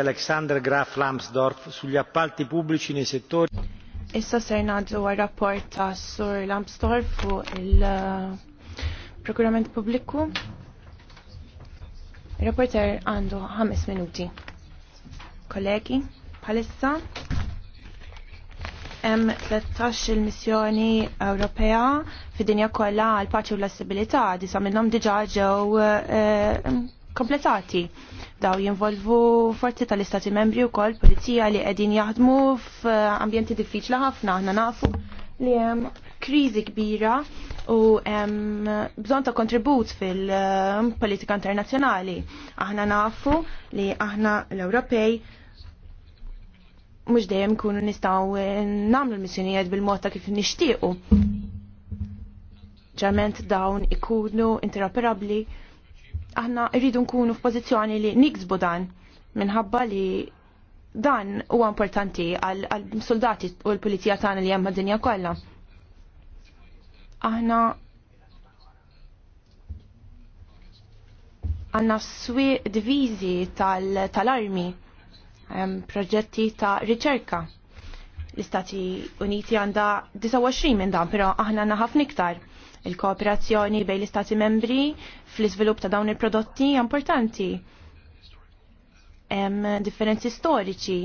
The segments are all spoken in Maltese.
li Alexander Graf Lambsdorff sugli appalti pubblici nei settori. Issa ser ngħaddu għal rapport ta' Sur Lambsdorff fuq il-Prokurament eh, Pubbliku. Il-rapporter għandu ħames minuti. Kollegi, palissa hemm 13 il-missjoni Ewropea fid-dinja kollha għal paċi u l assibilità disa minnhom diġà ġew eh, kompletati. Daw jinvolvu forzi tal-istati membri u kol polizija li qegħdin jaħdmu f'ambjenti diffiċli ħafna aħna nafu li hemm kriżi kbira u hemm bżonn ta' kontribut fil-politika internazzjonali. Aħna nafu li aħna l-Ewropej mhux dejjem kunu nistgħu nagħmlu l-missjonijiet bil-mod ta' kif nixtiequ ġament dawn ikunu interoperabbli aħna rridu nkunu f'pożizzjoni li niksbu dan minħabba li dan huwa importanti għal soldati u l-pulizija tagħna li hemm mad-dinja kollha. Aħna għanna swi divizi tal-armi, hemm proġetti ta' riċerka. L-Istati Uniti għanda 29 minn dan, pero aħna għandna ħafna iktar. Il-kooperazzjoni bejn l-Istati membri fl-iżvilupp ta' dawn il-prodotti importanti. Hemm differenzi storiċi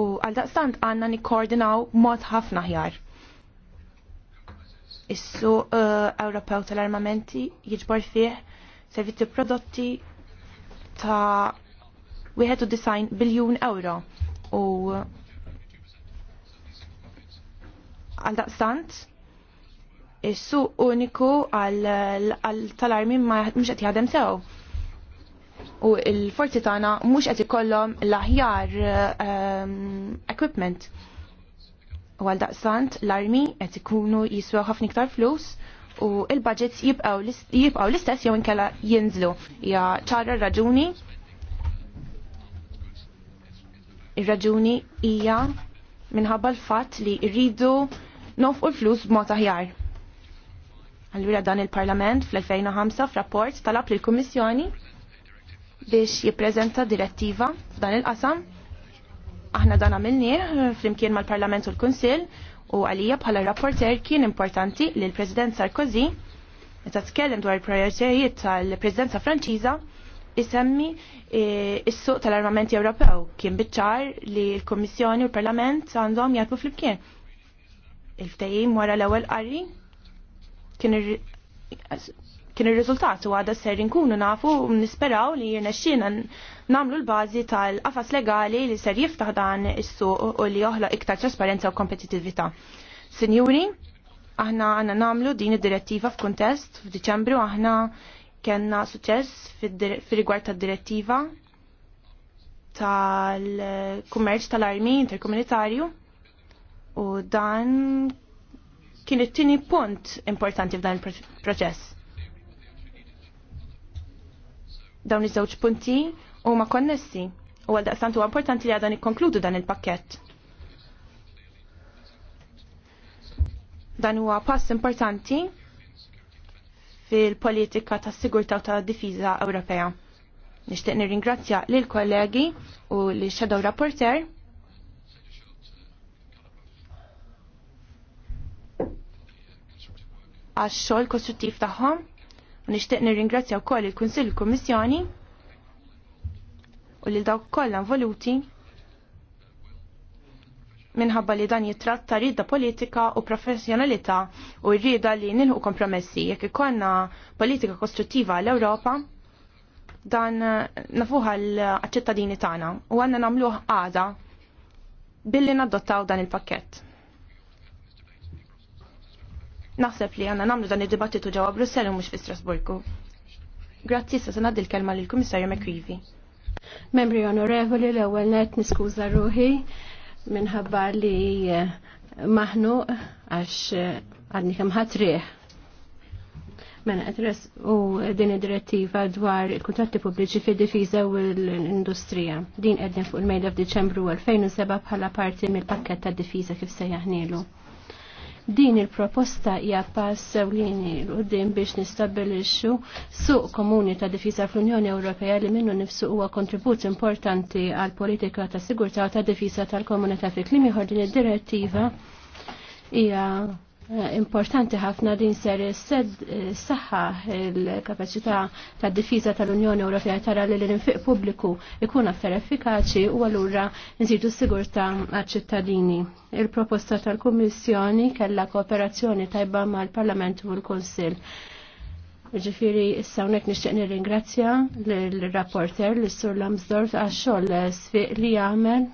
u għaldaqstant għandna nikkoordinaw mod ħafna ħjar. Issu uh, Ewropew tal-armamenti jiġbor fih servizzi prodotti ta' 91 biljun euro u għaldaqstant is-suq uniku għal tal-armi ma mhux qed jaħdem sew. U l-forzi tagħna mhux qed ikollhom l-aħjar ehm, equipment. U għal daqsant l-armi qed ikunu jiswew ħafna iktar flus u il-budgets jibqaw l-istess jew inkella jinżlu. Ja ċara raġuni ir-raġuni hija minħabba l-fatt li rridu nofqu l-flus b'mod aħjar. Allura dan il-Parlament fl-2005 f'rapport talab lil kummissjoni biex jippreżenta direttiva f'dan il-qasam. Aħna dan għamilnieh flimkien mal-Parlament u l-Kunsill u għalija bħala rapporter kien importanti li l-President Sarkozy meta tkellem dwar il-prioritajiet tal-Presidenza Franċiża isemmi e, is-suq tal-armamenti Ewropew kien biċċar li l-Kummissjoni u l-Parlament għandhom jaħdmu flimkien. Il-ftehim wara l-ewwel qarri kien ir-riżultat u għada ser inkunu nafu nisperaw li jirnexxina namlu l-bażi tal-qafas legali li ser jiftaħ dan is-suq u li joħloq iktar trasparenza u kompetitività. Sinjuri, aħna għanna namlu din id-direttiva f'kuntest f'Diċembru aħna kellna suċċess fir-rigward tad-direttiva tal-kummerċ tal-armi interkomunitarju u dan kien it-tieni punt importanti f'dan il-proċess. Dawn iż-żewġ punti huma konnessi u għal daqstant huwa importanti li għadan ikkonkludu dan il-pakkett. Dan huwa pass importanti fil-politika ta' sigurtà u ta' difiża Ewropea. Nixtieq nirringrazzja lil kollegi u li shadow rapporter għax xogħol kostruttiv tagħhom u nixtieq nirringrazzja wkoll il-Kunsill il-Kummissjoni u lil dawk kollha involuti minħabba li dan jitratta rida politika u professjonalità u rida li nilħu kompromessi. Jekk ikonna politika kostruttiva għall ewropa dan eh, nafuħa l-ċittadini tagħna u għandna namluħ għada billi nadottaw dan il-pakket. Naħseb li għanna namlu dan id-dibattitu ġewwa Brussell u mhux fi Strasburgu. Grazzi sa se ngħaddi l-kelma lill kummissarju McCreevy. Membri onorevoli l-ewwel net niskuża ruħi minħabba li eh, maħnu għax eh, għadni kem ħatriħ. Mena, adres u din id-direttiva dwar il-kontratti pubbliċi fid difiża u l-industrija. Din qegħdin fuq il-mejda f'Diċembru 2007 bħala parti mill-pakket tad-difiża kif se Din il-proposta hija pass sewlini l-qudiem biex nistabilixxu suq komuni ta' difiża fl-Unjoni Ewropea li minnu nifsu huwa kontribut importanti għal politika ta' sigurtà ta' difiża tal-komunità fi klim ieħor din id-direttiva hija Importanti ħafna din ser saħħa il-kapacità ta' difiża tal-Unjoni Ewropea tara li l-infiq pubbliku ikun aktar effikaċi u allura nżidu s-sigurtà għaċ-ċittadini. Il-proposta tal-Kummissjoni kellha kooperazzjoni tajba mal-Parlament u l-Kunsill. Ġifiri, issa hawnhekk nixtieq nirringrazzja l-rapporter l-Sur Lamsdorf għax-xogħol sfiq li jagħmel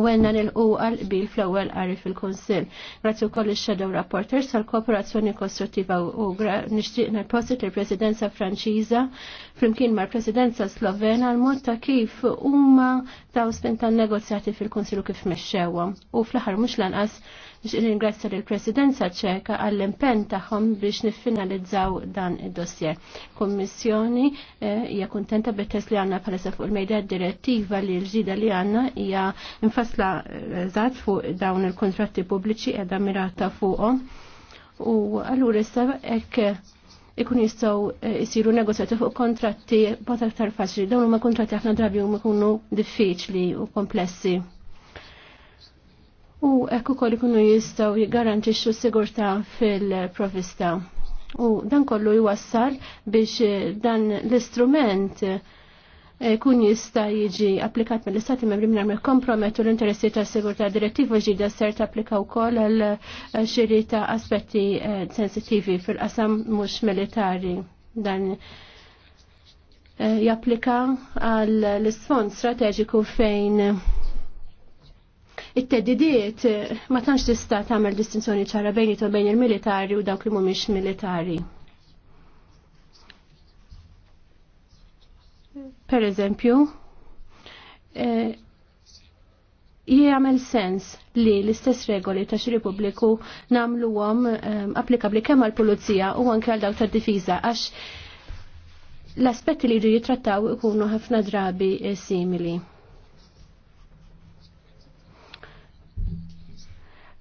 u għenna nil u għal-qbil fl-ewwel qari fil-Kunsill. Grazzi wkoll ix-Shadow Rapporters sal kooperazzjoni konstruttiva u nixtieq nipposit il-Presidenza Franċiża flimkien mal-Presidenza Slovena l-mod ta' kif huma ta' spin tan-negozjati fil konsil u kif mexxewhom. U fl-aħħar mhux lanqas Ringrazzja l-Presidenza ċeka għall-impenn tagħhom biex niffinalizzaw dan id-dossier. Kommissjoni eh, hija kuntenta bit li għandna palessa fuq il-mejda direttiva li l-ġida li għandna hija infasla zaħt eh, fuq dawn il-kontratti pubbliċi qiegħda mirata fuqhom. U allura issa hekk eh, ikun jistaw jisiru negozjati fuq kontratti bata aktar faċli. Dawn huma kontratti ħafna drabi huma jkunu diffiċli u komplessi u ekku kol ikunu jistaw jgarantixxu sigurta fil-provista. U dan kollu jwassal biex eh, dan l-istrument eh, kun jista jiġi applikat mill-Istati membri minn għamil kompromettu l-interessi ta' sigurta direttiva ġida ser ta' applika u kol għal-xiri eh, ta' aspetti sensitivi fil-qasam mux militari dan japplika għall isfond strateġiku fejn it-teddidiet eh, ma tantx tista' tagħmel distinzjoni ċara bejn u bejn il-militari u dawk li mhumiex militari. Per eżempju, eh, jgħamil sens li l-istess regoli ta' xi Repubbliku nagħmluhom eh, applikabbli kemm għall-pulizija u anke għal dawk tad-difiża għax l-aspetti li jridu jitrattaw ikunu ħafna drabi eh, simili.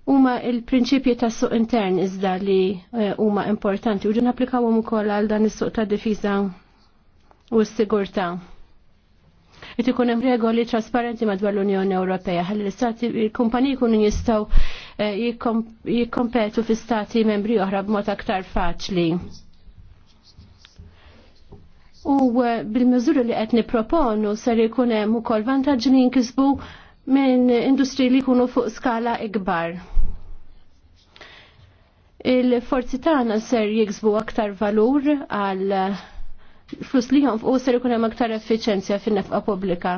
huma il-prinċipji tas suq intern iżda li eh, huma uh, importanti u ġun applikawhom ukoll għal dan is-suq tad difiża u s-sigurtà. Qed ikun hemm regoli trasparenti madwar l-Unjoni Ewropea ħalli l-istati il-kumpaniji jkunu jistgħu eh, jikkompetu fi stati membri oħra b'mod aktar faċli. U eh, bil-miżuri li qed nipproponu ser ikun hemm ukoll vantaġġi li jinkisbu minn industri li jkunu fuq skala ikbar il-forzi tagħna ser jiksbu aktar valur għal flus li u ser ikun hemm aktar effiċenzja fin-nefqa pubblika.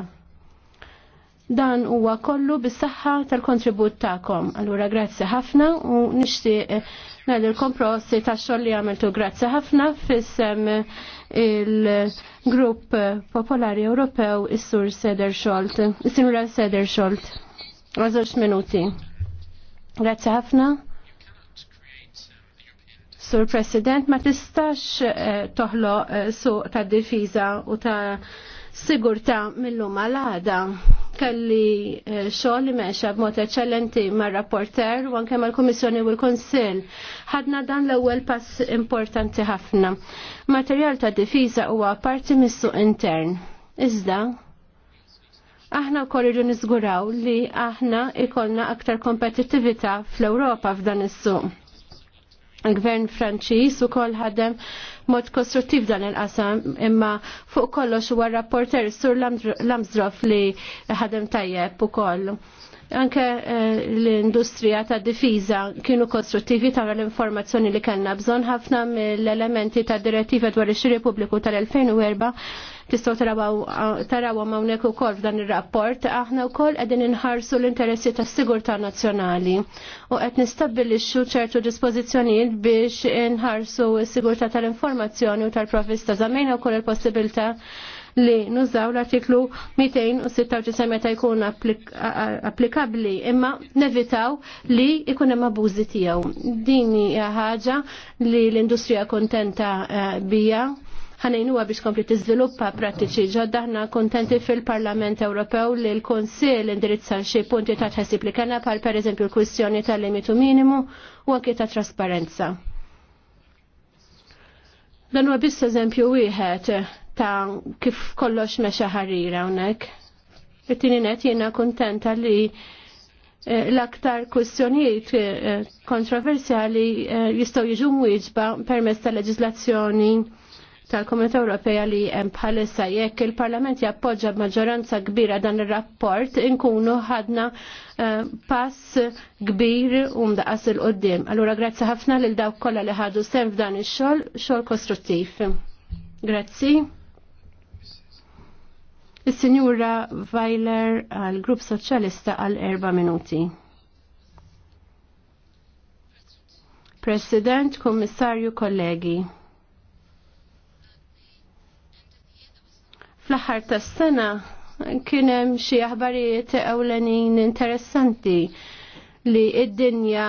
Dan huwa kollu bis-saħħa tal-kontribut tagħkom. Allura grazzi ħafna u nixtieq ngħidilkom prosi tax-xogħol li għamiltu grazzi ħafna fissem il-Grupp Popolari Ewropew is-Sur Seder Xolt, is-Sinura Seder Xolt. Għażewġ minuti. Grazzi ħafna. Sur President, ma tistax eh, toħlo eh, suq ta' difiża u ta' sigurta mill-lum għal-għada. Kelli eh, xogħol li mexa b'mod eċċellenti mar-rapporter u anke mal-Kummissjoni u l-Kunsill. Ħadna dan l-ewwel pass importanti ħafna. Materjal ta' difiża huwa parti mis-suq intern. Iżda, aħna korridu niżguraw li aħna ikolna aktar kompetitivita fl-Ewropa f'dan is-suq il-gvern Franċiż ukoll ħadem mod kostruttiv dan il-qasam imma fuq kollox huwa rapporter sur Lamsdrof li ħadem tajjeb ukoll. Anke eh, l-industrija ta' difiża kienu kostruttivi tara l-informazzjoni li kellna bżonn ħafna mill-elementi ta' direttiva dwar ix-xiri pubbliku tal-2004 Tistgħu taraw hawnhekk ukoll f'dan ir-rapport aħna wkoll qegħdin inħarsu l-interessi tas-sigurtà nazzjonali u qed nistabbilixxu ċertu dispozizjonijiet biex inħarsu s-sigurtà tal-informazzjoni u tal-provvista u wkoll il-possibilità li nużaw l-artiklu 296 meta jkun applikabli imma nevitaw li jkun hemm abużi tiegħu. Din hija ħaġa li l-industrija kontenta eh, bija ħanejnuha biex kompli tiżviluppa prattiċi ġodda ħna kontenti fil-Parlament Ewropew li l-Kunsill indirizza xi punti ta' tħassib li kellna bħal pereżempju l-kwistjoni tal-limitu minimu u anki ta' trasparenza. Dan huwa biss eżempju wieħed ta' kif kollox mexa ħarira hawnhekk. It-tieni net jiena kuntenta li eh, l-aktar kwistjonijiet eh, kontroversjali eh, jistgħu jiġu mwieġba permezz tal-leġiżlazzjoni tal-Komunità Ewropea li hemm bħalissa jekk il-Parlament jappoġġa b'maġġoranza kbira dan ir-rapport inkunu ħadna eh, pass kbir u mdaqas il qoddim Allura grazzi ħafna lil dawk kollha li ħadu sem f'dan ix-xogħol, xogħol kostruttiv. Grazzi. Is-Sinjura Weiler għall-Grupp Soċjalista għal erba' minuti. President, Kommissarju, kollegi. fl-aħħar tas-sena kien hemm xi aħbarijiet ewlenin interessanti li id-dinja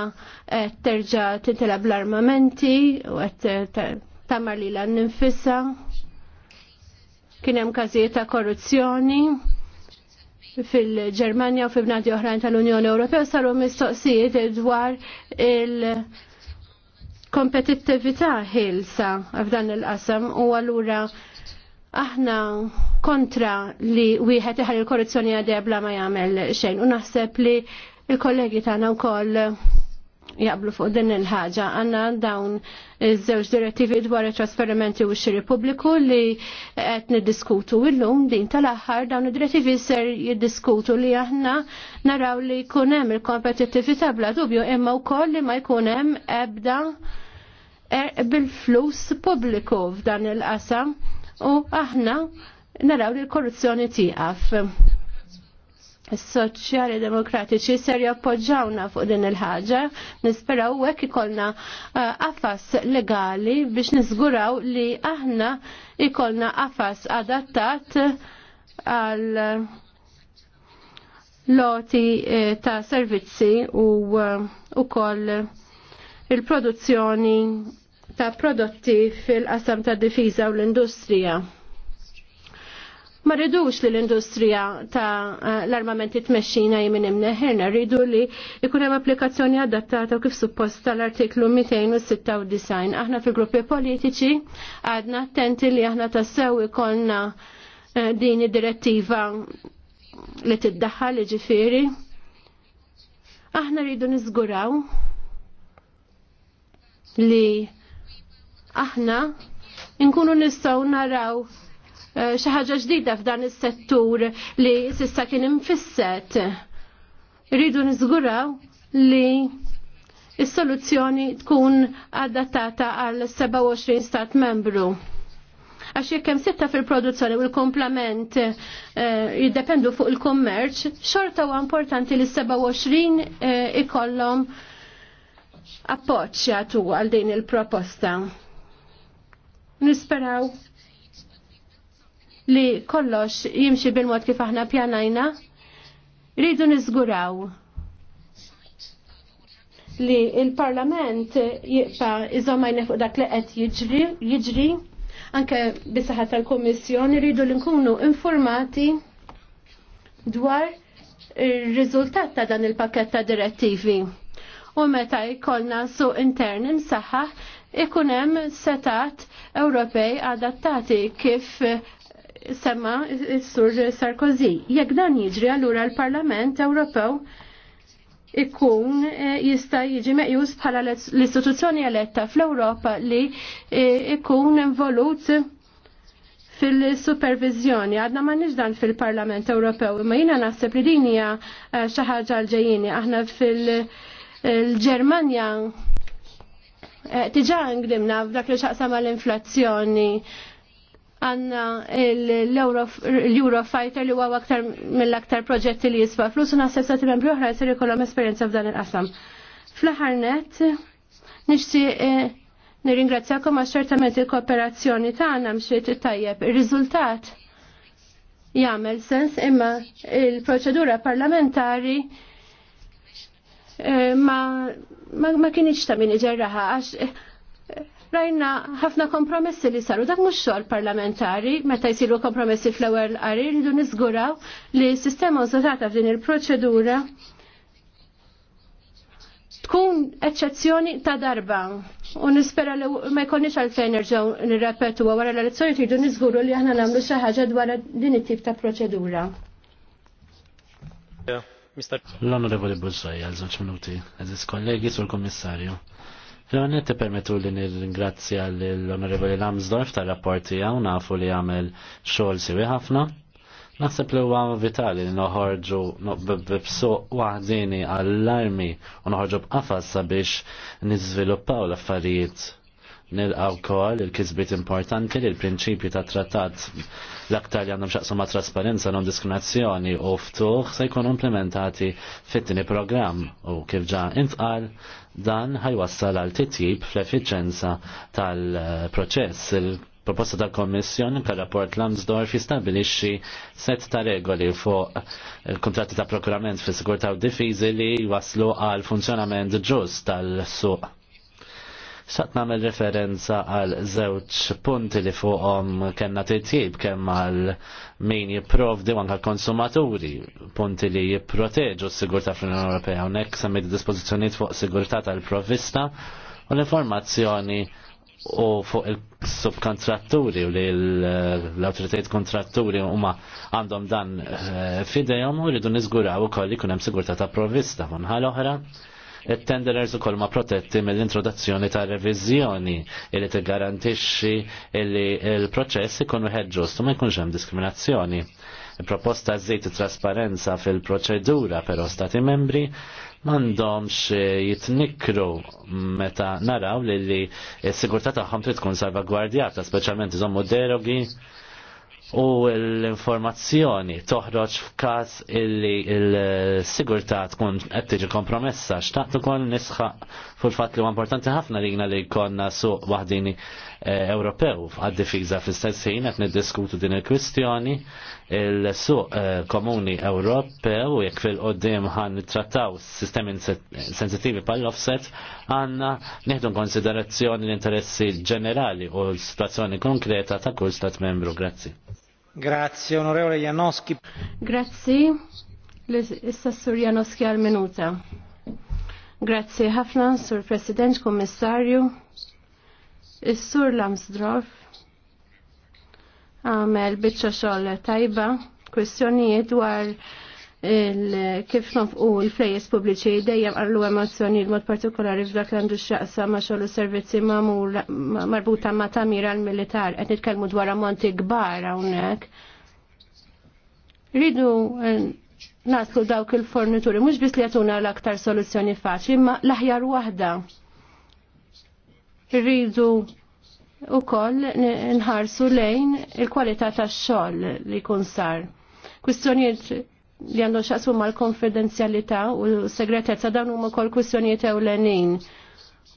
terġa' titilab l-armamenti u qed tamar li l-annifissa kien hemm każijiet ta' korruzzjoni fil-Ġermanja u fil-bnadi oħrajn tal-Unjoni Ewropea saru mistoqsijiet dwar il-kompetittività ħilsa f'dan il-qasam u allura aħna kontra li wieħed iħar il-korruzzjoni għadebla ma jagħmel xejn u naħseb li il-kollegi tagħna wkoll jaqblu fuq din il-ħaġa. Għanna dawn iż-żewġ direttivi dwar it-trasferimenti u x-xiri pubbliku li qed niddiskutu illum din tal-aħħar dawn id-direttivi ser jiddiskutu li aħna naraw li jkun hemm il-kompetittività bla dubju imma wkoll li ma jkun hemm ebda er- bil-flus pubbliku f'dan il-qasam u aħna naraw li l-korruzzjoni tieqaf. Is-soċjali demokratiċi ser jappoġġawna fuq din il-ħaġa, nisperaw hekk ikollna eh, affas legali biex niżguraw li aħna ikollna affas adattat għal loti eh, ta' servizzi u eh, koll il-produzzjoni ta' prodotti fil-qasam ta' difiża u l-industrija. Ma rridux li l-industrija ta' l-armamenti tmexxina jimin imneħerna, rridu li jkun hemm applikazzjoni adattata kif suppost tal-artiklu 296. Aħna fil-gruppi politiċi għadna attenti li aħna tassew ikonna eh, din id-direttiva li tiddaħħal ġifiri. Aħna rridu niżguraw li aħna nkunu nistgħu naraw eh, xi ħaġa ġdida f'dan is-settur li s'issa kien imfisset. Rridu niżguraw li is-soluzzjoni tkun adattata għal 27 stat membru. Għax jekk hemm sitta fil-produzzjoni u l-komplement eh, jiddependu fuq il-kommerċ, xorta huwa importanti li 27 eh, ikollhom appoġġ tu għal din il-proposta nisperaw li kollox jimxi bil-mod kif aħna pjanajna, rridu nizguraw li il-parlament jibqa iżommajna fuq dak li qed jiġri, anke bisaħat tal-Kummissjoni rridu li nkunu informati dwar ir-riżultat ta' dan il-pakket ta' direttivi. U meta jkollna suq intern imsaħħaħ ikun hemm setat Ewropej adattati kif eh, sema s-sur Sarkozy. Jekk dan jiġri allura l-Parlament Ewropew ikun eh, jista jiġi meqjus bħala l-istituzzjoni eletta fl-Ewropa li eh, ikun involut fil-supervizjoni. Għadna ma dan fil-Parlament Ewropew, imma jina naħseb li dinja xi ħaġa l-ġejjini. Aħna fil-Ġermanja Tiġa eh, nglimna f'dak li xaqsam għall-inflazzjoni għanna l-Eurofighter li huwa aktar mill-aktar proġetti li jiswa flus unna s sa membri oħra jsir ikollhom esperjenza f'dan il-qasam. Fl-aħħar nixti nixtieq eh, nirringrazzjakom għax ċertament il-kooperazzjoni tagħna mxiet tajjeb. Ir-riżultat jagħmel sens imma il-proċedura parlamentari Eh, ma, ma, ma kienieċ ta' min iġerraħa għax eh, rajna ħafna kompromessi li saru. Dak mhux xogħol parlamentari, meta jsiru kompromessi fl-ewwel qari rridu niżguraw li s-sistema użatata f'din il-proċedura tkun eċċezzjoni ta' darba. U nispera li ma jkollniex għalfejn nerġgħu nirrepetu wara l-elezzjoni tridu niżguru li aħna nagħmlu xi ħaġa dwar din it-tip ta' proċedura. Yeah. L-Onorevoli Bullxaj, għal żewġ minuti, għaziz kollegi sul kommissarju. Fl-għonet te permetu li nir-ingrazzja l-Onorevoli Lamsdorf ta' rapporti għaw nafu li għamel xogħol siwi ħafna. Naħseb li huwa vitali li noħorġu b'suq waħdini għall-armi u noħorġu b'qafas sabiex niżviluppaw l-affarijiet nilqaw kol il-kizbit importanti li l-prinċipju ta' trattat l-aktar li għandhom xaqsu ma' trasparenza non diskriminazzjoni u ftuħ se jkunu implementati fit-tini programm u kif ġa intqal dan ħajwassal għal titjib fl-effiċenza tal-proċess proposta tal-Kommissjoni ka' rapport l'amsdorf jistabilixi set ta' regoli fuq il-kontratti ta' prokurament fis-sigurtà u difiżi li waslu għal funzjonament ġust tal-suq Xat namel referenza għal zewċ punti li fuqom kena titjib kemm għal min jiprovdi għal konsumaturi, punti li jipproteġu s-sigurta fl-Unjoni Ewropea, unek semmi dispozizjoniet fuq sigurta tal-provista u l-informazzjoni u fuq il-subkontratturi u li l-autoritet kontratturi huma għandhom dan eh, fidejhom u rridu niżguraw ukoll kolli kunem sigurta ta' provvista. Unħal oħra, it-tenderers ukoll kolma protetti mill-introduzzjoni ta' reviżjoni li tiggarantixxi li l-proċess ikun wieħed ġust u ma jkunx hemm diskriminazzjoni. Il-proposta żejt trasparenza fil-proċedura però stati membri mandomx eh, jitnikru meta naraw li li s sigurtata tagħhom trid tkun salvagwardjata, speċjalment iżommu derogi u l-informazzjoni toħroġ f'każ illi l-sigurtà tkun qed tiġi kompromessa x'taqt ukoll nisħaq fuq fatt li huwa importanti ħafna lina li jkollna suq waħdini eh, Ewropew għad-difiża fl-istess ħin qed niddiskutu din il-kwistjoni il-suq eh, komuni Ewropew jekk fil-qoddim ħan nittrattaw sistemi sensittivi pal offset għandna nieħdu konsiderazzjoni l-interessi ġenerali u l-situazzjoni konkreta ta' kull stat membru. Grazzi. Grazie, onorevole Janoski. Grazie, Janoski minuta Grazie ħafna, Sur President, Kommissarju, sur Lamsdorf, għamel bieċa xoll tajba, kwestjonijiet dwar kif nofqu l-flejes pubbliċi dejjem emozjoni l mod partikolari f'dak li għandu x'aqsa ma' xogħol servizzi marbuta ma' tamir għal-militar qed nitkellmu dwar ammonti kbar hawnhekk. Ridu eh, naslu dawk il-fornituri mhux biss li jagħtuna l-aktar soluzzjoni faċli, imma l-aħjar waħda. Ridu u koll nħarsu lejn il-kwalità tax xogħol li kun sar. Kwistjonijiet li għandhom xaqsmu mal-konfidenzjalità u segretezza dan huma wkoll kwistjonijiet ewlenin.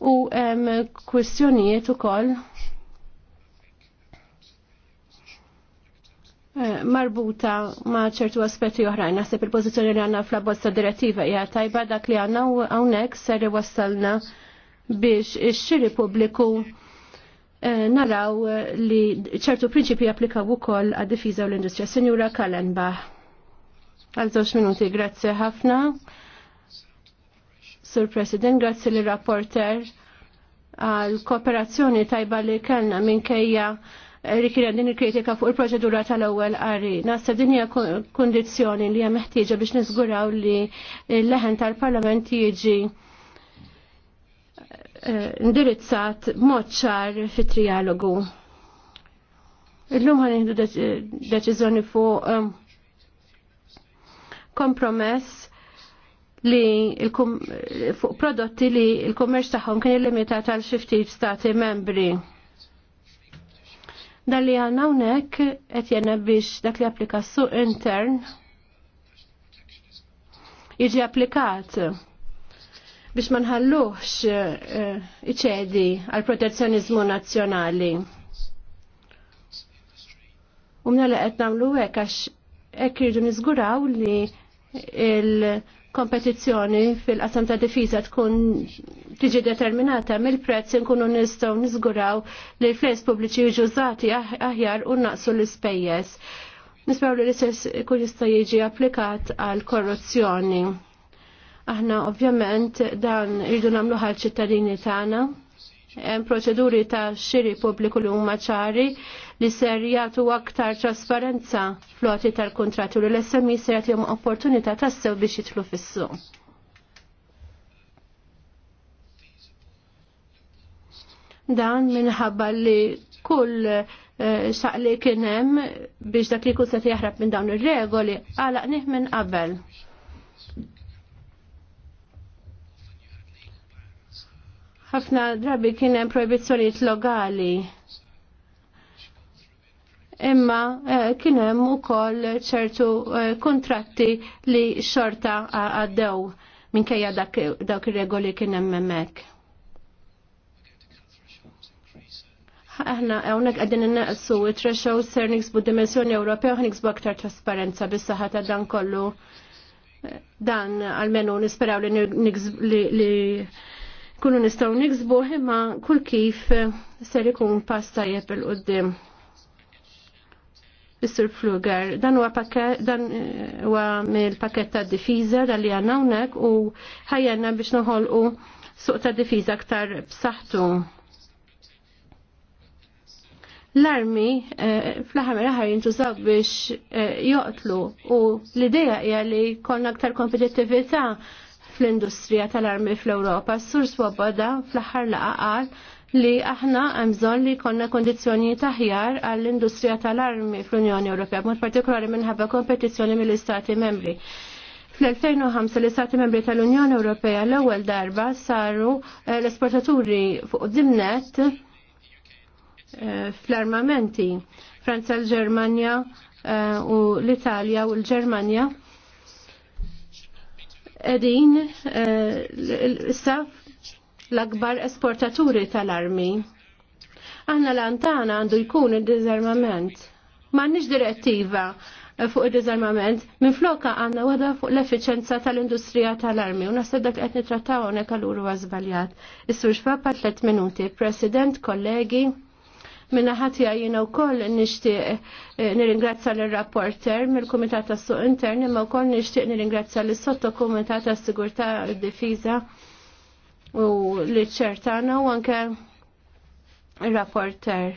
U hemm kwistjonijiet ukoll eh, marbuta ma' ċertu aspetti oħrajn. Naħseb il-pożizzjoni li għandna fl-abbozza direttiva hija tajba dak li għandna hawnhekk ser wassalna biex ix-xiri pubbliku eh, naraw li ċertu prinċipi applikaw ukoll għad-difiża u l-industrija. Sinjura Kallenbach. Għal żewġ minuti, grazzi ħafna. Sur President, grazzi li rapporter għal kooperazzjoni tajba li kellna minkejja rikira din il-kritika fuq il-proċedura tal-ewwel qari. Nasta din hija kundizzjoni li hija meħtieġa biex niżguraw li l-leħen tal-Parlament jiġi eh, indirizzat mod ċar fit-trialogu. Illum ħan deċiżjoni fuq eh, kompromess li fuq prodotti li il-kummerċ tagħhom kien limitat għal xi ftit stati membri. Dan li għandna hawnhekk qed jena biex dak li applika suq intern jiġi applikat biex ma nħalluħx eh, iċedi għal protezzjonizmu nazzjonali. U mna li qed nagħmlu hekk għax hekk irridu niżguraw li il-kompetizzjoni fil-qasam ta' difiża tkun tiġi determinata mill-prezz inkunu nistgħu niżguraw li l-flejs pubbliċi jiġu żati ah-, aħjar u naqsu l-ispejjeż. Nispaw li l-istess ikun jista' jiġi applikat għal korruzzjoni. Aħna ovvjament dan irridu nagħmlu ħal ċittadini tagħna hemm proċeduri ta' xiri pubbliku li huma ċari li ser jagħtu aktar trasparenza floti tal-kontratti li l-SMI e ser jagħtihom opportunità tassew biex jidħlu fis-suq. Dan minħabba li kull eh, xaq li kien hemm biex dak li jkun se jaħrab minn dawn ir-regoli għalaq minn qabel. ħafna drabi kien hemm proibizzjonijiet lokali. Imma eh, kien hemm ukoll ċertu eh, kuntratti li xorta għaddew minkejja dawk ir-regoli kien hemm hemmhekk. Aħna hawnhekk qegħdin innaqsu it-trexxew ser niksbu dimensjoni Ewropea u niksbu aktar trasparenza bis-saħħa ta' dan kollu dan għalmenu nisperaw li, li kunu nistaw niksbu imma kull kif eh, ser ikun pass tajjeb il qoddim Mr. Fluger, dan huwa dan eh, huwa mill-pakett ta' difiża li għandna hawnhekk u ħajjana biex noħolqu suq ta' difiża aktar b'saħħtu. L-armi eh, fl-ħamera ħar jintużaw biex joqtlu u l-idea hija li konna aktar kompetittività fl-industrija tal-armi fl-Ewropa. Sur Swoboda fl-aħħar laqaqal li aħna għamżon li konna kondizjoni taħjar għall-industrija tal-armi fl-Unjoni Ewropea, mod partikolari minħabba kompetizjoni mill-Istati membri. Fl-2005 l-Istati membri tal-Unjoni Ewropea l-ewwel darba saru eh, l-esportaturi fuq dimnet eh, fl-armamenti. Franza, l-Ġermanja eh, u l-Italja u l-Ġermanja edin eh, issa l-akbar esportaturi tal-armi. Aħna l-antana għandu jkun il-dizarmament. Ma nix direttiva fuq il-dizarmament, minn floka għanna għada fuq l-efficienza tal-industrija tal-armi. s seddak għetni trattaw għonek għal-uru għazbaljat. Is-surġfa pa 3 minuti. President, kollegi, Minna ħati għajina u koll nishtiq eh, nir-ingrazza l-rapporter mill-Komitat tas suq Intern imma u koll nishtiq nir-ingrazza l-Sotto Komitat tas sigurta Difiza u li ċertana u anke il-rapporter.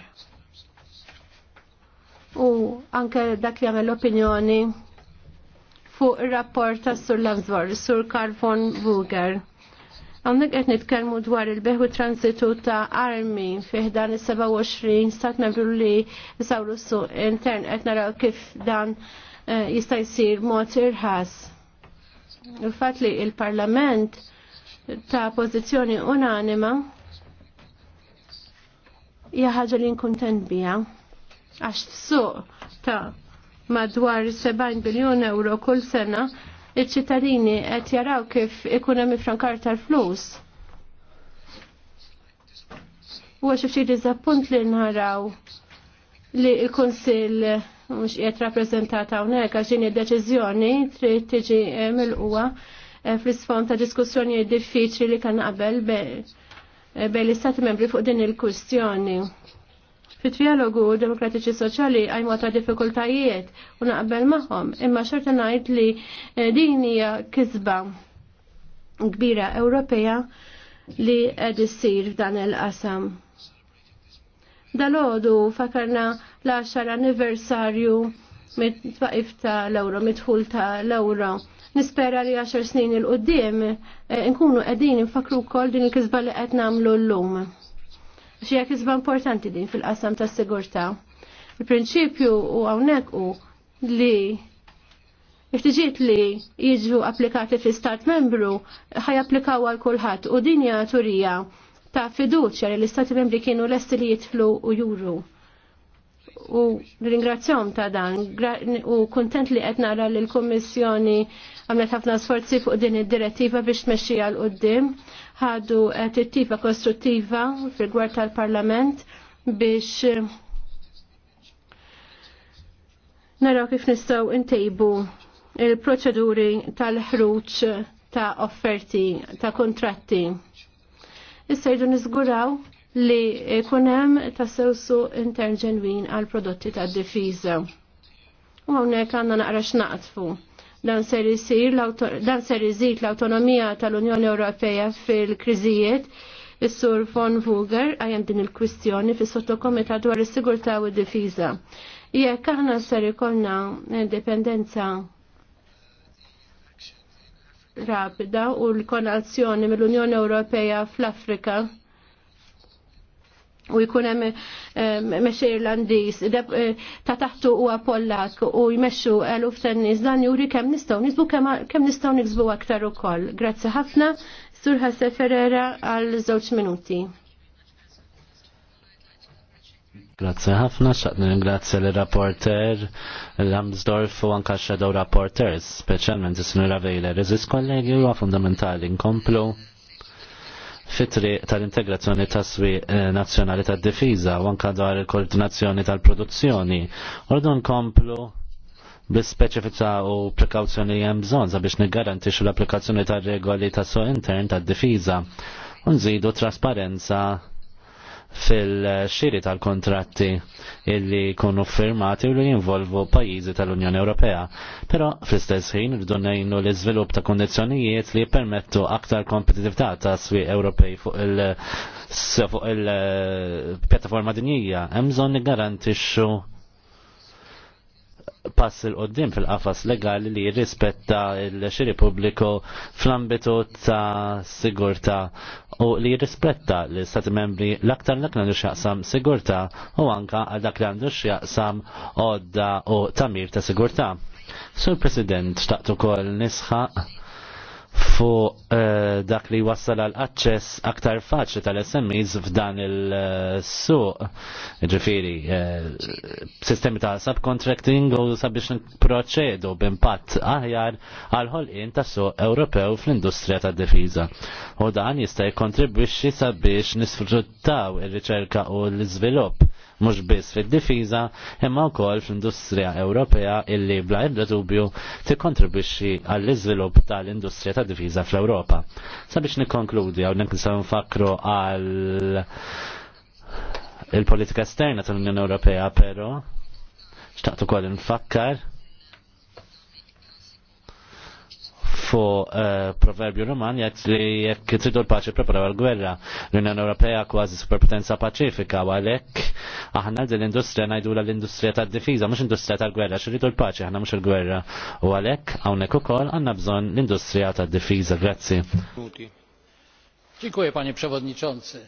U anke dak li għamel opinjoni fuq il-rapport tas sur Lamsdor, sur von Vulgar. Għamnek għet nitkelmu dwar il-beħu transitu ta' armi fiħdan il-27 stat membru li jisawru su intern għet naraw kif dan eh, jista' jisir mod irħas. Il-fat li il-parlament ta' pozizjoni unanima jaħħaġa li nkuntent bija għax su ta' madwar 70 biljon euro kull sena iċ-ċittadini qed jaraw kif ikun hemm ifrankar tal-flus. Huwa xi ftit diżappunt li naraw li l-Kunsill mhux qiegħed rappreżentat hawnhekk għax din id-deċiżjoni trid tiġi eh, milquwa eh, fl-isfond ta' diskussjoni diffiċli li kan qabel eh, bejn l-Istati membri fuq din il-kwistjoni. Fi trialogu demokratiċi soċjali għajmu ta' difikultajiet u naqbel magħhom, imma xorta ngħid li eh, din hija kisba kbira Ewropea li qed issir f'dan il-qasam. Dal-ħodu fakarna l-10 anniversarju mit-twaqif ta' l-euro, mit-ħul ta' l-euro. Nispera li 10 snin il-qoddim eh, nkunu qegħdin infakru wkoll din il-kisba li qed nagħmlu llum xie kisba importanti din fil-qasam ta' sigurta. Il-prinċipju u għawnek u li Iftiġiet li jiġu applikati fi stat membru ħaj applikaw għal kulħadd u dinja turija ta' fiduċja li l-istati membri kienu lesti li jitflu u juru u ringrazzjom ta' dan u kontent li qed nara li l-Kummissjoni għamlet ħafna sforzi fuq din id-direttiva biex tmexxija l qudiem ħadu tittiva kostruttiva fil-gwar tal-Parlament biex eh, naraw kif nistgħu intejbu il-proċeduri tal-ħruġ ta' offerti ta' kontratti. Issa jdu niżguraw li kunem ta' sewsu intern ġenwin għal prodotti ta' difiża. U hawnhekk għandna naqra x'naqtfu. Dan ser jizid l-autonomija tal-Unjoni Ewropea fil-kriżijiet Is-sur von Vuger għajem din il-kwistjoni fis sottokomita dwar is-sigurtà u d-difiża. Jekk aħna ser ikollna indipendenza rapida u l-konazzjoni mill-Unjoni Ewropea fl-Afrika u jkun hemm eh, mexxej Irlandiż eh, ta' taħtu huwa Pollak u jmexxu eluf ta' nies dan juri kemm nistgħu nisbu kemm nistgħu niksbu aktar ukoll. Grazzi ħafna, Sur Ħasse Ferrera għal żewġ minuti. Grazie ħafna, xaqni ringrazzja l-rapporter Lamsdorf u anka xedaw rapporters, specialment is-sinura Vejler. Iżis kollegi huwa fundamentali nkomplu fitri tal-integrazzjoni tas-swi eh, nazzjonali tad-difiża u anka dwar il-koordinazzjoni tal-produzzjoni. Ordu nkomplu bis u prekawzjoni jem hemm bżonn sabiex niggarantixxu l-applikazzjoni tar-regoli tas-suq intern tad-difiża nżidu trasparenza fil-xiri tal-kontratti illi kunu firmati u li jinvolvu pajizi tal-Unjoni Ewropea. Pero fl-istess ħin rridu ngħinu l iżvilupp ta' kundizzjonijiet li jippermettu aktar kompetitività ta' swieq Ewropej fuq il- fuq il-pjattaforma dinjija. Hemm bżonn niggarantixxu pass il qoddim fil-qafas legali li jirrispetta l-xiri pubbliku fl-ambitu ta' sigurta u li jirrispetta l stati membri l-aktar dak għandu xjaqsam sigurta u anka għal dak li għandu xjaqsam odda u tamir ta' sigurta. Sur President, taqtu kol nisħaq Fu eh, dak li wassal għal aċċess aktar faċli tal-SMEs f'dan il-suq. Ġifiri, eh, sistemi ta' subcontracting u sabiex proċedu b'impatt aħjar għal ħolqien ta' suq Ewropew fl-industrija ta' difiża. U dan jista' jkontribwixxi sabiex nisfruttaw ir-riċerka u l-iżvilupp mhux biss fid-difiża imma wkoll fl-industrija Ewropea illi bla ebda dubju tikkontribwixxi għall-iżvilupp tal-industrija ta' difiża fl-Ewropa. Sabiex nikkonkludi hawnhekk nisa nfakru għal il-politika esterna tal-Unjoni Ewropea, però xtaqtu kol nfakkar Fu uh, eh, proverbju roman jgħid li jekk tridu l-paċi preparaw għal-gwerra. L-Unjoni Ewropea kważi superpotenza paċifika u għalhekk aħna din l-industrija najdu l-industrija tad-difiża mhux industrija tal-gwerra, xirridu l-paċi aħna mhux il-gwerra. U għalhekk hawnhekk ukoll għandna bżonn l-industrija tad-difiża. Grazzi. Dziękuję panie przewodniczący.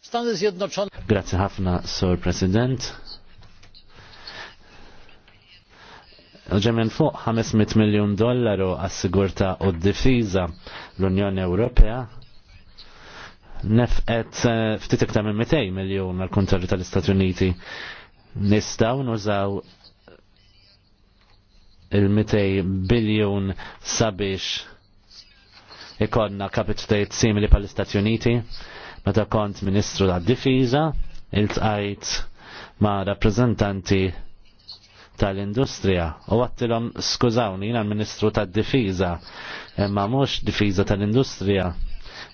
Stany Zjednoczone. Grazie ħafna, Sur President ġemmen fuq 500 miljon dollaru għas-sigurta u d-difiża l-Unjoni Ewropea nefqet eh, ftit iktar minn 200 miljon għal kontrolli tal-Istati Uniti. Nistaw nużaw il-200 biljon sabiex ikonna kapitajiet simili pal-Istati Uniti. Meta kont Ministru tad-Difiża, il ma' rappreżentanti tal-industrija u għattilom skużawni jina ministru tad-difiża imma mhux difiza tal-industrija.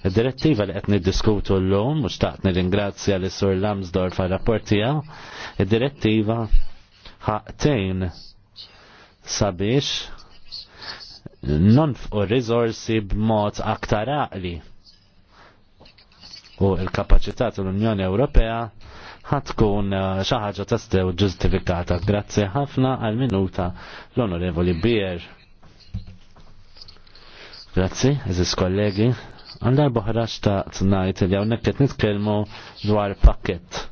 Id-direttiva li qed niddiskutu llum mhux taqt nirringrazzja l sur Lamsdorf fa' rapport tiegħu, id-direttiva ħaqtejn sabiex nonfqu rizorsi b'mod aktar aqli u l kapacitat tal-Unjoni Ewropea ħatkun eh, xaħġa ta' stew ġustifikata. Grazzi ħafna għal minuta l-onorevoli Bier. Grazzi, eżis kollegi. Għandar boħraċ ta' t-najt li għawnek qed nitkellmu dwar pakket.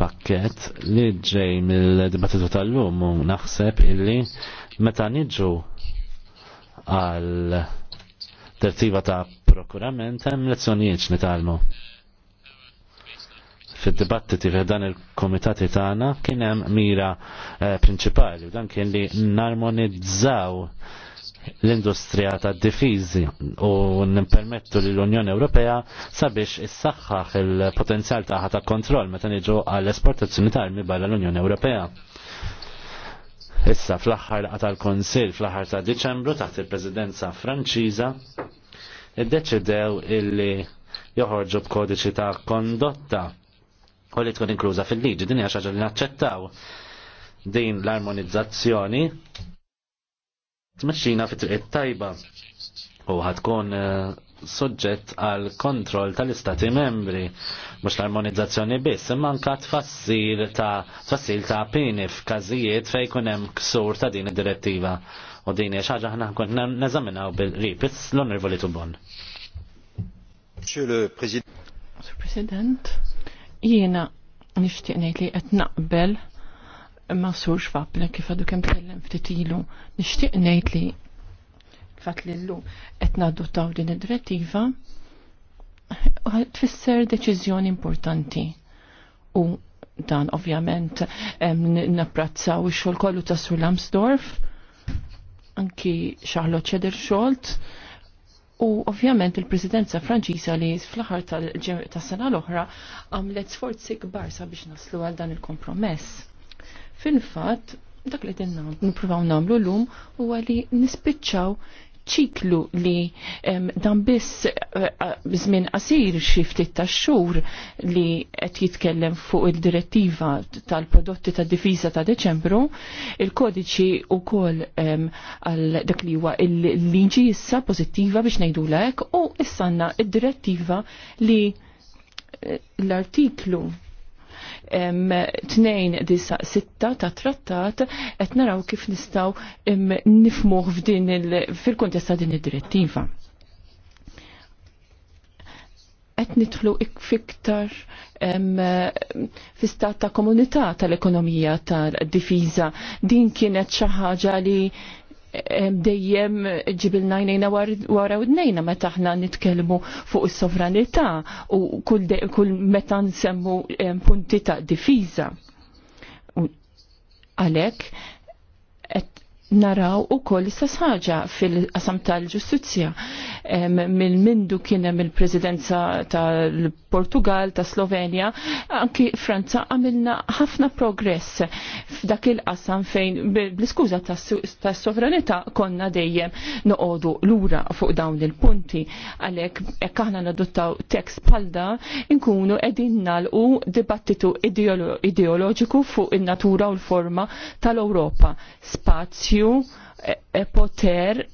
Pakket li ġej mill-dibattitu tal-lum u naħseb illi meta niġu għal tertiva ta' prokurament hemm lezzjonijiet nitalmu fid-dibattiti f'dan il-komitati tagħna kien hemm mira eh, prinċipali u dan kien li narmonizzaw l-industrija ta' difiżi u nimpermettu li l-Unjoni Ewropea sabiex issaħħaħ il-potenzjal ta' ta' kontrol meta niġu għall-esportazzjoni ta' armi barra l-Unjoni Ewropea. Issa fl-aħħar laqa tal-Konsil fl-aħħar ta' Diċembru taħt il-Presidenza Franċiża id-deċidew illi joħorġu b'kodiċi ta' kondotta u li tkun inkluża fil-liġi, din hija xi ħaġa li naċċettaw din l-armonizzazzjoni tmexxina fit triq tajba u ħadkun eh, suġġett għal kontroll tal-istati membri mhux l-armonizzazzjoni biss imma anke tfassil ta' tfassil ta' pini f'każijiet fejn jkun hemm ksur ta' din id-direttiva u din hija xi ħaġa aħna kont neżaminaw bil-qrib l-onorevoli Tubon. Monsieur le Président. Monsieur le Président. Jiena nixtieq ngħid li qed naqbel ma sur fabbla kif għadu kemm tkellem ftit ilu. Nixtieq ngħid li fatt lillu qed nadottaw din id-direttiva tfisser deċiżjoni importanti u dan ovvjament naprazzaw ix-xogħol kollu ta' Sur Lamsdorf anki Charlotte Cheder Scholt U ovvjament il-Presidenza Franċisa li fl-aħħar tas-sena l-oħra għamlet sforzi kbar sabiex naslu għal dan il-kompromess. Fil-fatt, dak li nipruvaw namlu nagħmlu llum huwa li nispiċċaw ċiklu li dan biss eh, żmien qasir xi ftit tax-xhur li qed jitkellem fuq id-direttiva tal-prodotti tad difiża ta' Deċembru, il-kodiċi wkoll għal dak li huwa il-liġi issa pożittiva biex ngħidulek u issanna id-direttiva li eh, l-artiklu 296 ta' trattat qed naraw kif nistgħu nifmuħ f'din fil-kuntest ta' din id-direttiva. Qed nidħlu fiktar fi stat ta' komunità tal-ekonomija tal-difiża. Din kienet xi ħaġa li dejjem ġibil jnejna wara u d-nejna meta ħna nitkelmu fuq is-sovranità u kull, kull meta nsemmu punti ta' difiza. Għalek, naraw u koll istess ħaġa fil-qasam tal-ġustizzja minn mindu kien hemm il-Presidenza tal-Portugal, ta' Slovenia, anki Franza għamilna ħafna progress f'dak il-qasam fejn bl-iskuża tas sovranità konna dejjem noqogħdu lura fuq dawn il-punti. Għalhekk hekk aħna nadottaw tekst palda, inkunu nkunu qegħdin nagħlqu dibattitu ideologiku fuq in-natura u l-forma tal-Ewropa. Spazju eżempju e, e, poter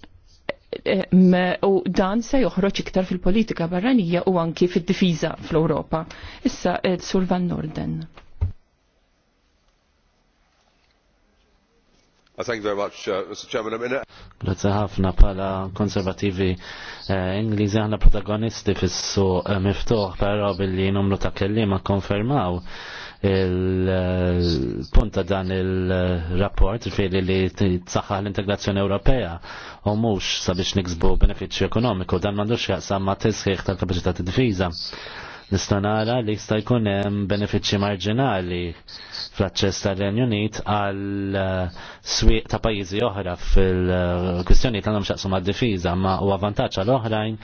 e, u dan se joħroċ iktar fil-politika barranija u anki fil-difiza fl europa Issa Sur Van Norden. Uh, thank you very much, uh, Mr. Chairman. a... Uh, Grazie ħafna pala konservativi uh, Ingliżi għanna protagonisti fissu miftuħ, pero billi numru ta' kellima konfermaw il-punta dan il-rapport fili li tsaħħa l-integrazzjoni Ewropea u mhux sabiex niksbu benefiċċju ekonomiku dan m'għandux jaqsam ma' tisħiħ tal-kapaċità tad-difiża. Nista' nara li jista' jkun hemm benefiċċji marġinali fl-aċċess tal-Renju Unit għal eh, swieq ta' pajjiżi oħra fil-kwistjoni tal xaqsu ma' difiża ma' u għavantaċa l oħrajn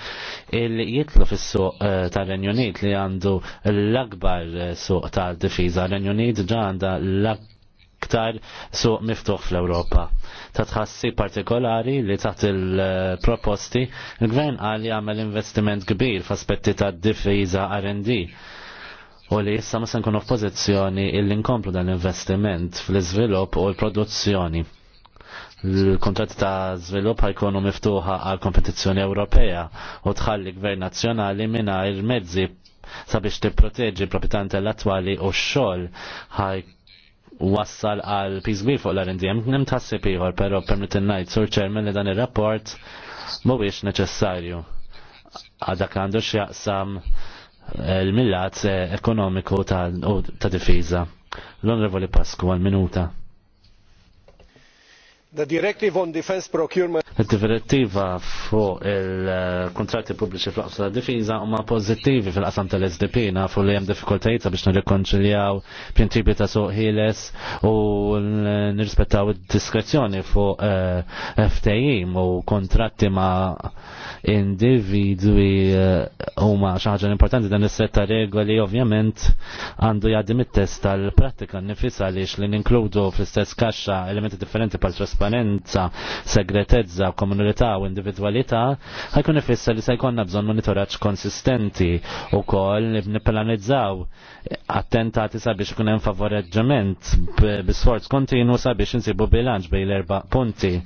il jitlu fis-suq eh, tal-Renju Unit li għandu l-akbar eh, suq tal-difiża. Renju Unit ġa l-aktar suq miftuħ fl-Ewropa. Ta' tħassi partikolari li taħt il-proposti, il-gvern għal jagħmel investiment kbir f'aspetti tad-difiża R&D u li issa ma se nkunu pozizjoni illi nkomplu dan l-investiment fl-iżvilupp u l-produzzjoni. l kontrat ta' żvilupp ħajkunu miftuħa għal kompetizzjoni Ewropea u tħalli gvern nazzjonali mingħajr mezzi sabiex tipproteġi l intellettwali u x-xogħol ħaj wassal għal pizbir fuq l-R&D. Nem tassib iħor, pero permittin najt sur ċermen li dan il-rapport mhuwiex neċessarju. Għadak għandu x'jaqsam il-millat ekonomiku ta', difiza. difiża. L-Onorevoli Pasku għal-minuta. The Directive on Defense Procurement. Il-direttiva fuq il-kontratti pubbliċi fl-qasam tal-difiża huma pożittivi fil-qasam tal-SDP nafu li hemm diffikultajiet biex nirrikonċiljaw prinċipju ta' suq ħieles u nirrispettaw id-diskrezzjoni fuq eh, FTI u kontratti ma' individwi eh, huma xi ħaġa importanti dan is-set ta' regoli ovvjament għandu jgħaddim it-test tal-prattika nifisa għaliex li ninkludu fl-istess kaxxa elementi differenti pal trasparenza, segretezza, komunità u individwalità ħajkun ifisser li se jkollna bżonn monitoraġġ konsistenti wkoll nippelanizzaw attentati sabiex ikun hemm favoreġġament bisforz kontinu sabiex insibu bilanċ bejn l-erba' punti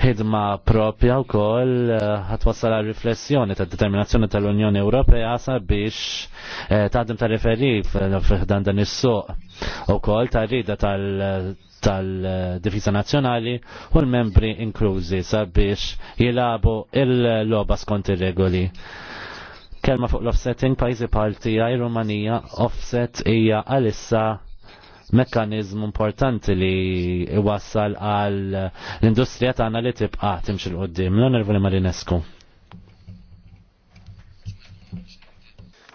ħidma propja u koll eh, ħatwassal għal riflessjoni ta' determinazzjoni tal-Unjoni Ewropea sabiex eh, taħdem ta' referi f'dan dan is soq u koll ta' rida tal- tal-Difisa Nazzjonali u l-membri inklużi sabiex jilabu il-loba skont ir-regoli. Kelma fuq l-offsetting pajzi partija tiegħi Rumanija offset hija għalissa mekkanizm importanti li iwassal għal l-industrija tagħna li tibqa' timxi l qoddim L-Onorevoli Marinescu.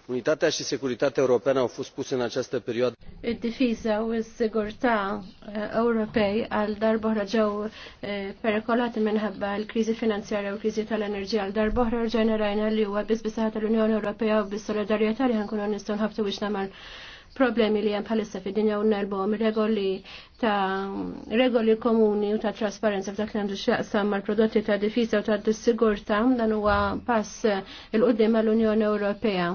Unitatea și securitatea europeană au fost puse în această perioadă. Id-difiża u s-sigurtà eh, Ewropej għal darbohra ġew eh, perikolati minħabba l-kriżi finanzjarja u l-kriżi tal-enerġija għal darbohra rġajna ġenerajna li huwa biss bisaħat tal-Unjoni Ewropea u bis-solidarjetà li ħankunu nistgħu nħabtu biex namal problemi li hemm palissa fi dinja u nerbom regoli ta' regoli komuni u ta' trasparenza f'dak li għandu x'jaqsam mal-prodotti ta' difisa u ta' dissigurta dan huwa pass il-qudiem għall-Unjoni Ewropea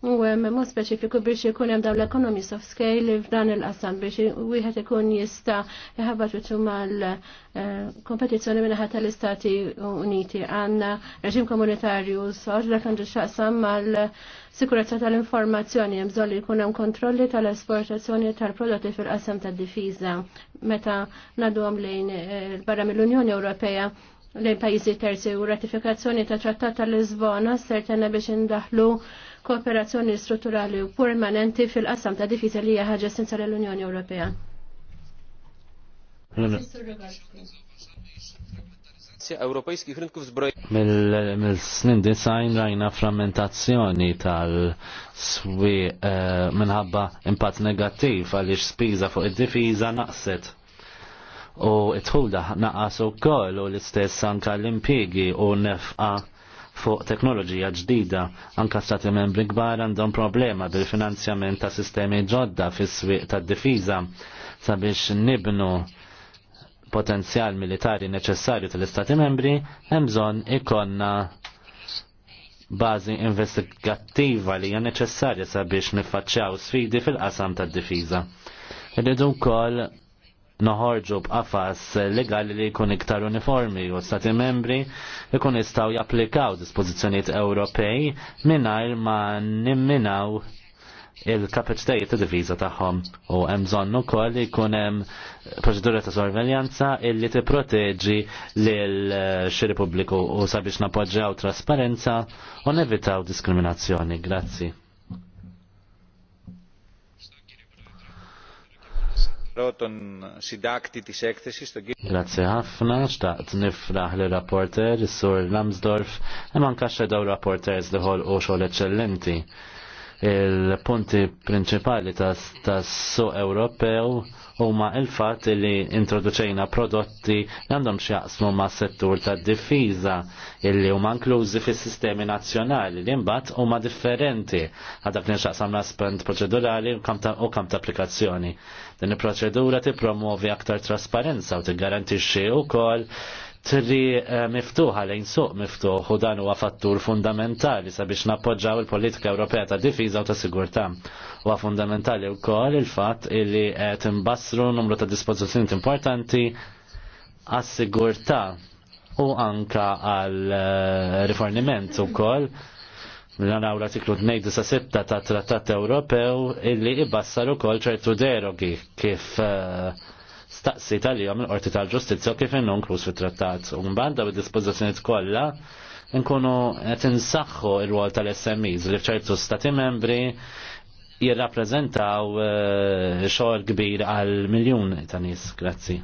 u hemm mod speċifiku biex ikun hemm dawn l-economy soft scale f'dan il-qasam biex wieħed ikun jista' jħabbat wiċċu mal-kompetizzjoni eh, minn ħadd tal-Istati Uniti għandna reġim komunitarju soġ dak għandu x'aqsam mal- sikurezza tal-informazzjoni hemm bżonn li jkun hemm kontrolli tal-esportazzjoni tal-prodotti fil-qasam tad-difiża meta ngħadduhom lejn eh, barra mill-Unjoni Ewropea lejn pajjiżi terzi u ratifikazzjoni ta' Trattat tal-Lisbona sertena biex indaħlu kooperazzjoni strutturali u permanenti fil-qasam ta' difiza li hija ħaġa essenzjali l-Unjoni Ewropea. Mill-snin design rajna frammentazzjoni tal-swi eh, minħabba impatt negattiv għaliex spiża fuq id-difiża naqset u it-ħulda naqas u koll u l-istess anka l-impiegi u nefqa fuq teknoloġija ġdida anka stati membri kbar għandhom problema bil-finanzjament ta' sistemi ġodda fis-swieq tad-difiża sabiex nibnu potenzjal militari neċessarju tal-istati membri hemm bżonn ikonna bażi investigattiva li hija neċessarja sabiex niffaċċjaw sfidi fil-qasam tad-difiża. Irridu wkoll noħorġu b'qafas legali li jkun iktar uniformi u stati membri jkun jistgħu japplikaw dispożizzjonijiet Ewropej mingħajr ma nimminaw il-kapacitajiet ta' diviża tagħhom u hemm bżonn ukoll jkun hemm proċedura ta' sorveljanza illi tipproteġi lil xi Repubbliku u sabiex napoġġjaw trasparenza u nevitaw diskriminazzjoni. Grazzi. Grazie ħafna, xtaqt nifraħ li rapporter, s-sur Lamsdorf, imman kaxxa daw rapporters liħol u xol eccellenti il-punti prinċipali tas-suq Ewropew huma il-fatt li introduċejna prodotti li għandhom x'jaqsmu ma' settur tad-difiża illi huma inklużi fis-sistemi nazzjonali li mbagħad huma differenti għal dak li nxaqsam l-aspend proċedurali u kam ta' applikazzjoni. Din il-proċedura tippromuovi aktar trasparenza u tiggarantixxi wkoll tri eh, miftuħa lejn suq miftuħ u dan huwa fattur fundamentali sabiex nappoġġaw il-politika Ewropea ta' difiża u ta' sigurtà. Huwa fundamentali wkoll il-fatt illi qed imbassru numru ta' dispożizzjonijiet importanti għas-sigurtà u anka għal wkoll eh, ukoll naraw l-artiklu 26 ta' Trattat Ewropew illi ibassar ukoll ċertu derogi kif uh, staqsi tal-jom l-Qorti tal-Ġustizzja kif innu inkluż fit-trattat. U mbagħad daw id-dispożizzjonijiet kollha nkunu qed insaħħu r-rwol tal-SMEs li f'ċertu stati membri jirrappreżentaw eh, xogħol kbir għal miljun ta' nies. Grazzi.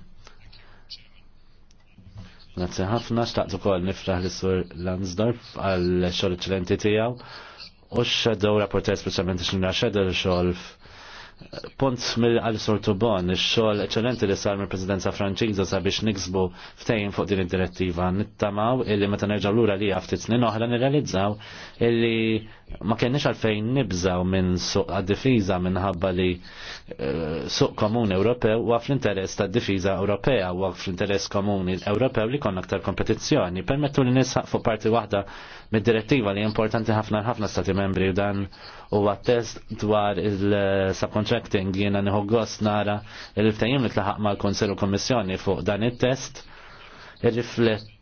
Grazzi ħafna, xtaqt ukoll nifraħ l-Sur Lansdorf għal xogħol eċċellenti tiegħu u x-shadow rapporter speċjalment x-nina shadow xolf punt għal sortu bon, il-xol eccellenti li sar mill presidenza Franċiża sabiex niksbu ftejn fuq din id-direttiva. Nittamaw illi meta nerġaw lura li ftit snin oħra nirrealizzaw illi ma kienniex għalfejn nibżaw minn suq għad-difiża minħabba li eh, suq komuni Ewropew u fl-interess tad difiża Ewropea u fl-interess komuni Ewropew li konna aktar kompetizzjoni. Permettu li nisħaq fuq parti waħda mid-direttiva li importanti ħafna ħafna stati membri u dan u għattest dwar il-subcontracting jiena niħu gost nara il-ftajim li tlaħaq mal-Konsell u Kommissjoni fuq dan it-test irrifletti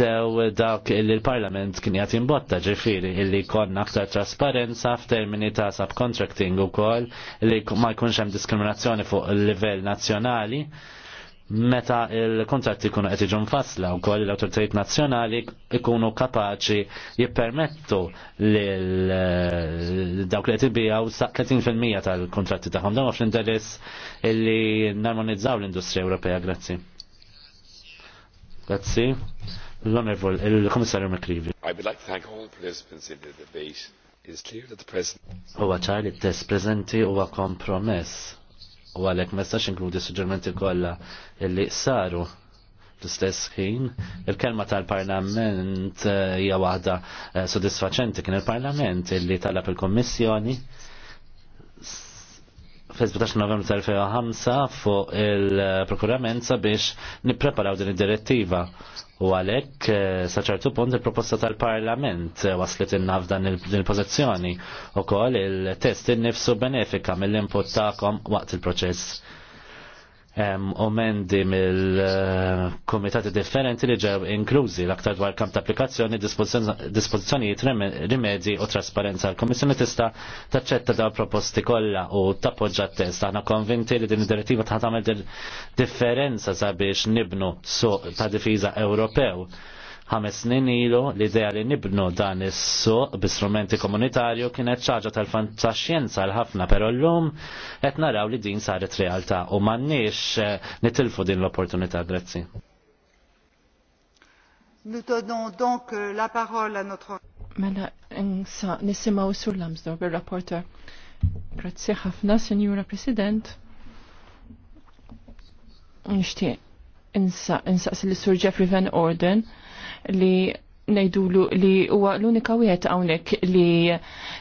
sew dak il-parlament kien jgħat imbotta ġifiri illi konna aktar trasparenza f'termini ta' subcontracting ukoll li ma jkunx hemm diskriminazzjoni fuq il-livell nazzjonali meta il-kontratti kunu qed iġu mfassla wkoll l-awtoritajiet nazzjonali ikunu kapaċi jippermettu lil dawk li qed ibijaw sa 30% tal-kontratti tagħhom dawn fl-interess illi narmonizzaw l-industrija Ewropea, grazzi. Grazzi l-onorevol il-Komissarju McCreevy. I would like to thank all participants in the debate. It is clear that the president huwa ċar li test preżenti huwa kompromess u għalhekk ma jistax inkludi suġġermenti kollha li saru l istess ħin. Il-kelma tal-Parlament eh, hija waħda eh, sodisfaċenti kien il-Parlament illi talab il-Kommissjoni il parlament illi talab il kommissjoni 15 17 novembru 2005 fuq il-prokurament sabiex nippreparaw din id-direttiva. U għalek eh, saċartu punt il-proposta tal-parlament eh, waslet innaf dan il-pozizjoni u kol il-test innifsu benefika mill-input ta'kom waqt il-proċess omendi mill-komitati differenti li ġew inklużi l-aktar dwar kamp ta' applikazzjoni, dispożizzjonijiet, rimedji u trasparenza. L-Komissjoni tista' taċċetta daw proposti kollha u tappoġġa t-test. Aħna konvinti li din id-direttiva ta' tagħmel differenza sabiex nibnu suq ta' difiża Ewropew ħames snin ilu l-idea li nibnu dan is-suq b'istrumenti komunitarju kienet ċaġa tal-fantaxjenza l-ħafna però llum qed naraw li din saret realtà u m'għandniex eh, nitilfu din l-opportunità grazzi. Nous donnons donc euh, la parole à notre Mela, nsa, nisimgħu sur Lamsdorf, bir rapporter Grazie ħafna, Signora President. Nishtiq, insa, li sur Jeffrey Van Orden li nejdulu li huwa l-unika wieħed hawnhekk li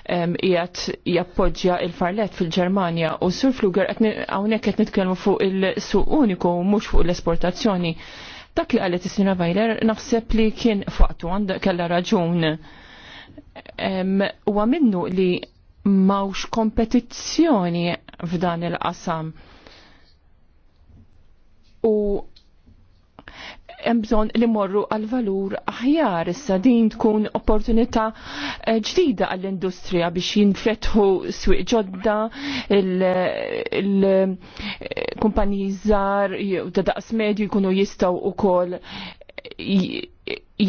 qiegħed jappoġġja il-farlet fil-Ġermanja u Sur Fluger hawnhekk qed nitkellmu fuq il-suq uniku mhux fuq l-esportazzjoni. Dak li qalet is-Sina Vajler naħseb li kien faqtu għandha kellha raġun. Huwa minnu li mawx kompetizzjoni f'dan il-qasam. U hemm bżonn li morru għal valur aħjar issa din tkun opportunità eh, ġdida għall-industrija biex jinfetħu swiq ġodda il-kumpaniji eh, żgħar ta' daqs medju jkunu jistgħu wkoll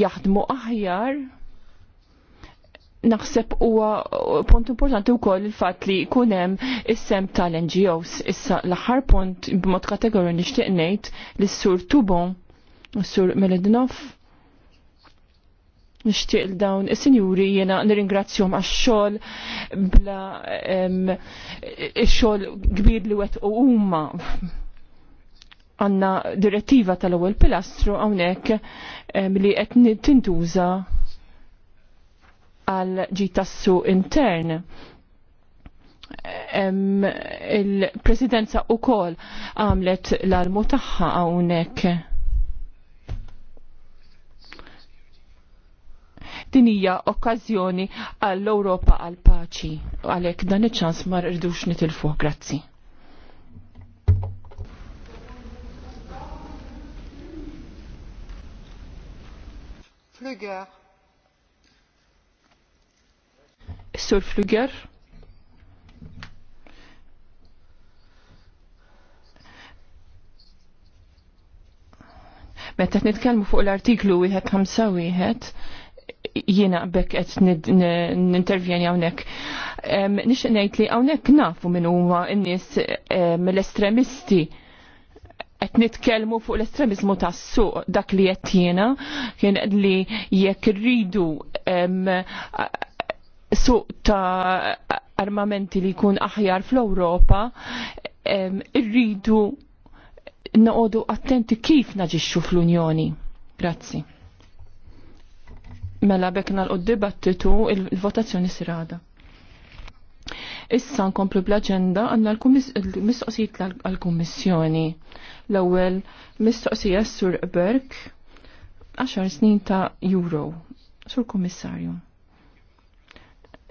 jaħdmu aħjar naħseb huwa punt importanti wkoll il-fatt li jkun hemm is-sem tal-NGOs. Issa l-aħħar punt b'mod kategorju nixtieq ngħid lis sur Tubon Sur Melidnov. Nishtiq dawn is-sinjuri jiena nirringrazzjom għax xogħol bla xogħol kbir li wet u huma għanna direttiva tal-ewwel pilastru hawnhekk li qed tintuża għal ġitassu intern. Il-presidenza u kol għamlet l-armu taħħa għawnek din hija okkażjoni għall-Ewropa għal paċi għalhekk dan iċ-ċans ma rridux nitilfu. Grazzi. Sur Flüger. Meta nitkellmu fuq l-artiklu wieħed ħamsa wieħed, jiena bekk qed nintervjeni hawnhekk. Nixtieq ngħid li hawnhekk nafu min huma n-nies l-estremisti qed nitkellmu fuq l-estremizmu tas-suq dak li qed jiena kien li jekk irridu suq ta' armamenti li jkun aħjar fl-Ewropa irridu noqogħdu attenti kif naġixxu fl-Unjoni. Grazzi. Mela bekna l-dibattitu il-votazzjoni sirada. Issa nkomplu bl-agenda għanna l-mistoqsijiet għal-Kummissjoni. L-ewwel mistoqsija Sur Berk 10 snin ta' euro. Sur Kommissarju.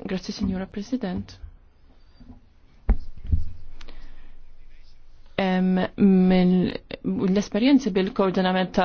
Grazzi Signora President. L-esperjenzi bil-koordinament